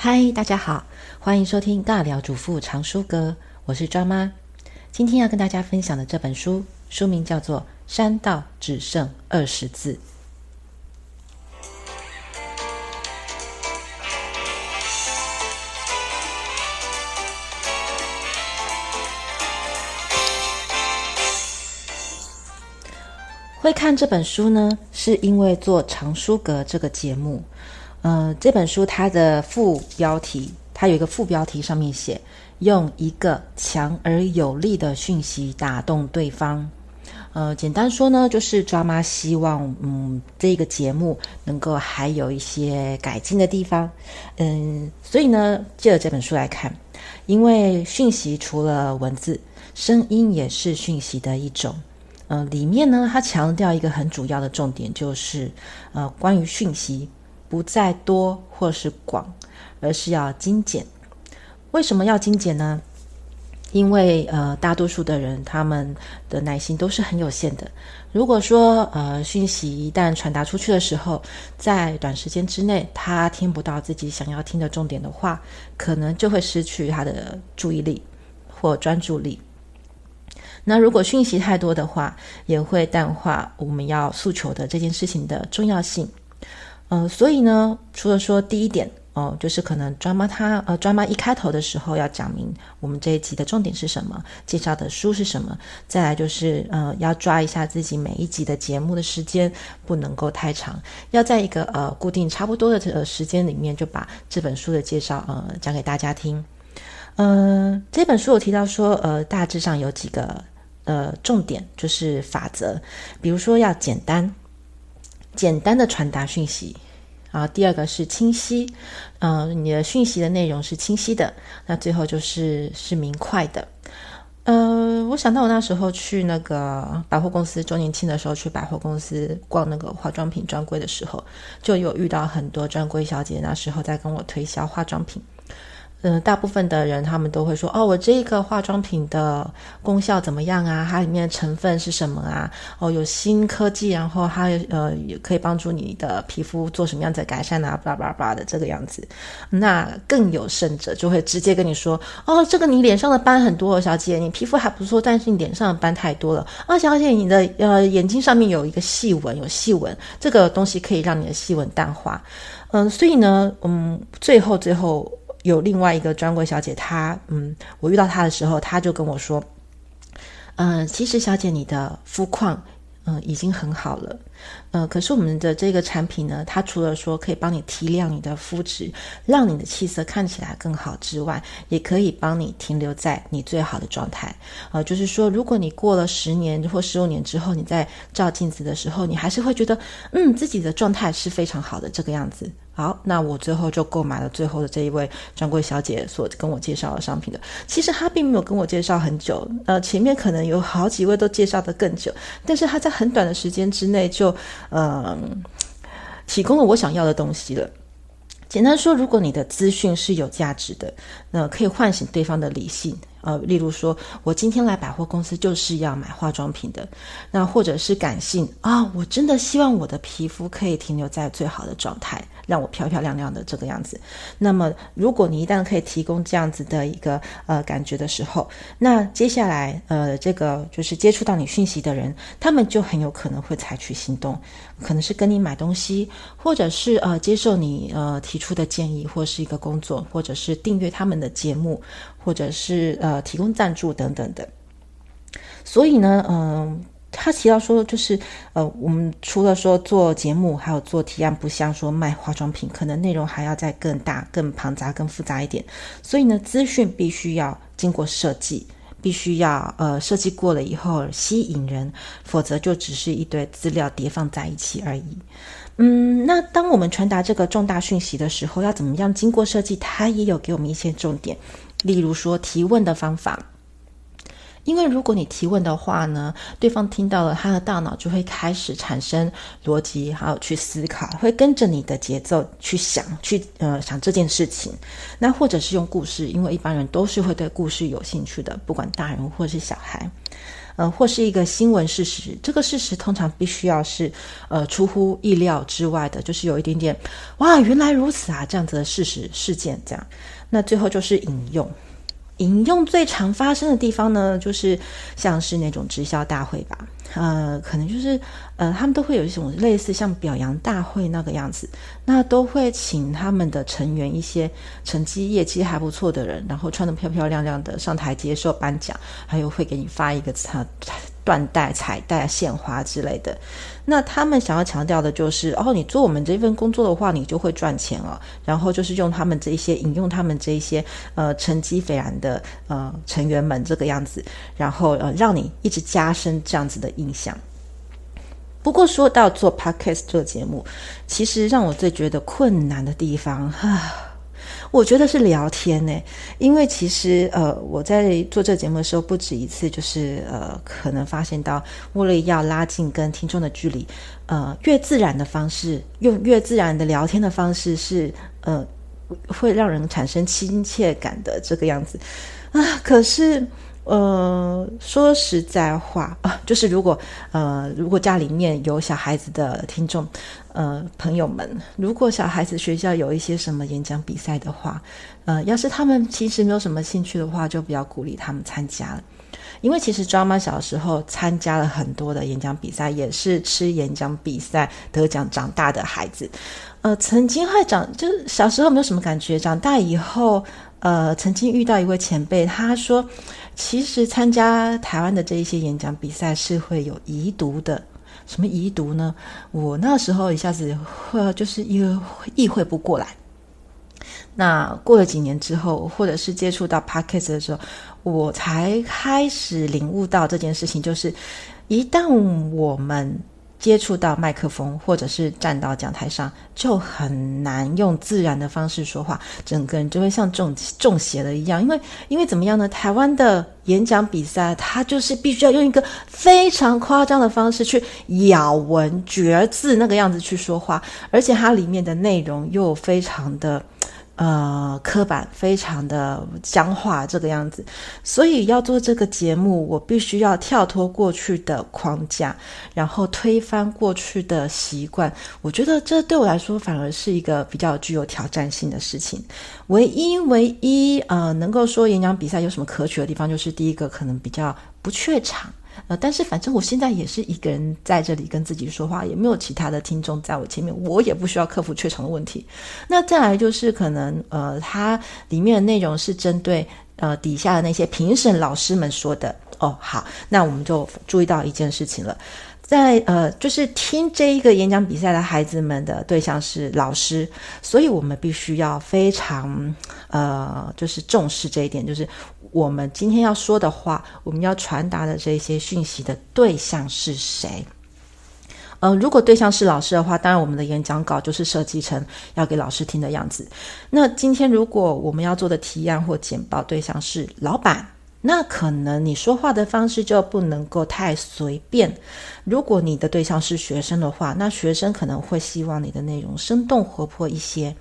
嗨，大家好，歡迎收聽《尬聊主婦常書閣》，我是抓媽。今天要跟大家分享的這本書，書名叫做《刪到只剩二十字》。會看這本書呢，是因為做《常書閣》這個節目。呃，這本書它的副標題，它有一個副標題，上面寫“用一個強而有力的訊息打動對方”。呃，簡單說呢，就是抓媽希望，嗯，這個節目能夠還有一些改進的地方。嗯，所以呢，借了這本書來看，因為訊息除了文字，聲音也是訊息的一種。呃，裡面呢，它強調一個很主要的重點，就是呃，關於訊息。不在多或是廣，而是要精簡。為什麼要精簡呢？因為呃，大多數的人他們的耐心都是很有限的。如果說呃，訊息一旦傳達出去的時候，在短時間之內他聽不到自己想要聽的重點的話，可能就會失去他的注意力或專注力。那如果訊息太多的話，也會淡化我們要訴求的這件事情的重要性。呃，所以呢，除了說第一點哦、呃，就是可能專門他呃，專門一開頭的時候要講明我們這一集的重點是什麼，介紹的書是什麼。再來就是呃，要抓一下自己每一集的節目的時間，不能夠太長，要在一個呃固定差不多的這個、呃、時間裡面就把這本書的介紹呃講給大家聽。呃，這本書我提到說呃，大致上有幾個呃重點，就是法則，比如說要簡單。簡單的傳達訊息，啊，第二個是清晰，嗯、呃，你的訊息的內容是清晰的，那最後就是是明快的，呃，我想到我那時候去那個百貨公司周年慶的時候，去百貨公司逛那個化妝品專櫃的時候，就有遇到很多專櫃小姐那時候在跟我推銷化妝品。嗯，大部分的人他們都會說，哦，我這個化妝品的功效怎麼樣啊？它裡面的成分是什麼啊？哦，有新科技，然後它呃也可以幫助你的皮膚做什麼樣子的改善啊？巴拉巴拉巴拉的這個樣子。那更有甚者，就會直接跟你說，哦，這個你臉上的斑很多，小姐，你皮膚還不錯，但是你臉上的斑太多了。啊、哦，小姐，你的呃眼睛上面有一個細紋，有細紋，這個東西可以讓你的細紋淡化。嗯，所以呢，嗯，最後最後。有另外一個專櫃小姐她、她嗯，我遇到她的時候，她就跟我說，嗯、呃，其實小姐，你的膚況嗯、呃、已經很好了，呃，可是我們的這個產品呢，它除了說可以幫你提亮你的膚質，讓你的氣色看起來更好之外，也可以幫你停留在你最好的狀態啊、呃，就是說，如果你過了十年或十五年之後，你在照鏡子的時候，你還是會覺得嗯，自己的狀態是非常好的這個樣子。好，那我最後就購買了最後的這一位專櫃小姐所跟我介紹的商品的。其實她並沒有跟我介紹很久，呃，前面可能有好幾位都介紹得更久，但是她在很短的時間之內就，嗯、呃，提供了我想要的東西了。簡單說，如果你的資訊是有價值的，那、呃、可以喚醒對方的理性。呃，例如說，我今天來百貨公司就是要買化妝品的，那或者是感性啊，我真的希望我的皮膚可以停留在最好的狀態，讓我漂漂亮亮的這個樣子。那麼，如果你一旦可以提供這樣子的一個呃感覺的時候，那接下來呃這個就是接觸到你訊息的人，他們就很有可能會採取行動，可能是跟你買東西，或者是呃接受你呃提出的建議，或是一個工作，或者是訂閱他們的節目。或者是呃提供贊助等等的。所以呢，嗯，他提到說，就是呃，我們除了說做節目，還有做提案，不像說賣化妝品，可能內容還要再更大、更龐雜、更複雜一點。所以呢，資訊必須要經過設計，必須要呃設計過了以後吸引人，否則就只是一堆資料疊放在一起而已。嗯，那當我們傳達這個重大訊息的時候，要怎麼樣經過設計？他也有給我們一些重點。例如說提問的方法，因為如果你提問的話呢，對方聽到了，他的大腦就會開始產生邏輯，還有去思考，會跟着你的節奏去想，去呃想這件事情。那或者是用故事，因為一般人都是會對故事有興趣的，不管大人或是小孩。嗯、呃，或是一個新聞事實，這個事實通常必須要是，呃，出乎意料之外的，就是有一點點，哇，原來如此啊，這樣子的事實事件這樣，那最後就是引用。引用最常發生的地方呢，就是像是那種直銷大會吧，呃，可能就是，呃，他們都會有一種類似像表揚大會那個樣子，那都會請他們的成員，一些成績業績還不錯的人，然後穿得漂漂亮亮的上台接受頒獎，還有會給你發一個他，啊緞帶、彩帶、獻花之類的，那他們想要強調的就是，哦，你做我們這份工作的話，你就會賺錢哦。然後就是用他們這些引用他們這些呃成績斐然的呃成員們這個樣子，然後呃讓你一直加深這樣子的印象。不過說到做 Podcast 做節目，其實讓我最覺得困難的地方哈。我覺得是聊天呢，因為其實呃，我在做這個節目的時候，不止一次，就是呃，可能發現到，為了要拉近跟聽眾的距離，呃，越自然的方式，用越自然的聊天的方式是，是呃，會讓人產生親切感的這個樣子，啊，可是。呃，說實在話，啊，就是如果呃，如果家裡面有小孩子的聽眾，呃，朋友們，如果小孩子學校有一些什麼演講比賽的話，呃，要是他們其實沒有什麼興趣的話，就不要鼓勵他們參加了，因為其實 Drama 小時候參加了很多的演講比賽，也是吃演講比賽得獎長大的孩子，呃，曾經會長就是小時候沒有什麼感覺，長大以後，呃，曾經遇到一位前輩，他說。其實參加台灣的這一些演講比賽是會有遺毒的，什麼遺毒呢？我那時候一下子會就是一個意會不過來。那過了幾年之後，或者是接觸到 podcast 的時候，我才開始領悟到這件事情，就是一旦我們。接觸到麥克風，或者是站到講臺上，就很難用自然的方式說話，整個人就會像中中邪了一樣。因為因為怎麼樣呢？台灣的演講比賽，它就是必須要用一個非常誇張的方式去咬文嚼字那個樣子去說話，而且它裡面的內容又非常的。呃，刻板非常的僵化，這個樣子，所以要做這個節目，我必須要跳脫過去的框架，然後推翻過去的習慣。我覺得這對我來說反而是一個比較具有挑戰性的事情。唯一唯一呃，能夠說演講比賽有什麼可取的地方，就是第一個可能比較不怯場。呃，但是反正我現在也是一個人在這裡跟自己說話，也沒有其他的聽眾在我前面，我也不需要克服怯場的問題。那再來就是可能，呃，它裡面的內容是針對呃底下的那些評審老師們說的。哦，好，那我們就注意到一件事情了，在呃，就是聽這一個演講比賽的孩子們的對象是老師，所以我們必須要非常呃，就是重視這一點，就是。我們今天要說的話，我們要傳達的這些訊息的對象是誰？嗯、呃，如果對象是老師的話，當然我們的演講稿就是設計成要給老師聽的樣子。那今天如果我們要做的提案或簡報對象是老板，那可能你說話的方式就不能夠太隨便。如果你的對象是學生的話，那學生可能會希望你的內容生動活潑一些。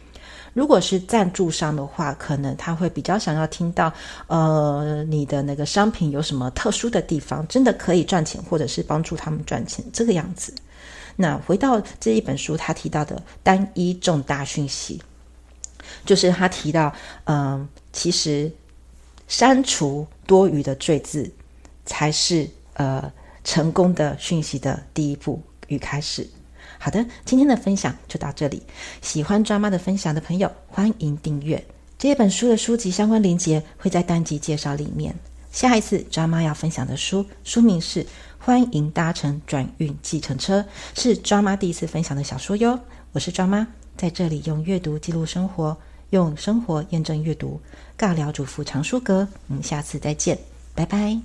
如果是贊助商的話，可能他會比較想要聽到，呃，你的那個商品有什麼特殊的地方，真的可以賺錢，或者是幫助他們賺錢這個樣子。那回到這一本書，他提到的單一重大訊息，就是他提到，嗯、呃，其實刪除多餘的贅字，才是呃成功的訊息的第一步與開始。好的，今天的分享就到這裡。喜歡抓媽的分享的朋友，歡迎訂閱這一本書的書籍相關鏈接會在單集介紹裡面。下一次抓媽要分享的書書名是《歡迎搭乘轉運計程車》，是抓媽第一次分享的小說喲。我是抓媽，在這裡用閱讀記錄生活，用生活驗證閱讀。尬聊主婦藏書閣，我們下次再見，拜拜。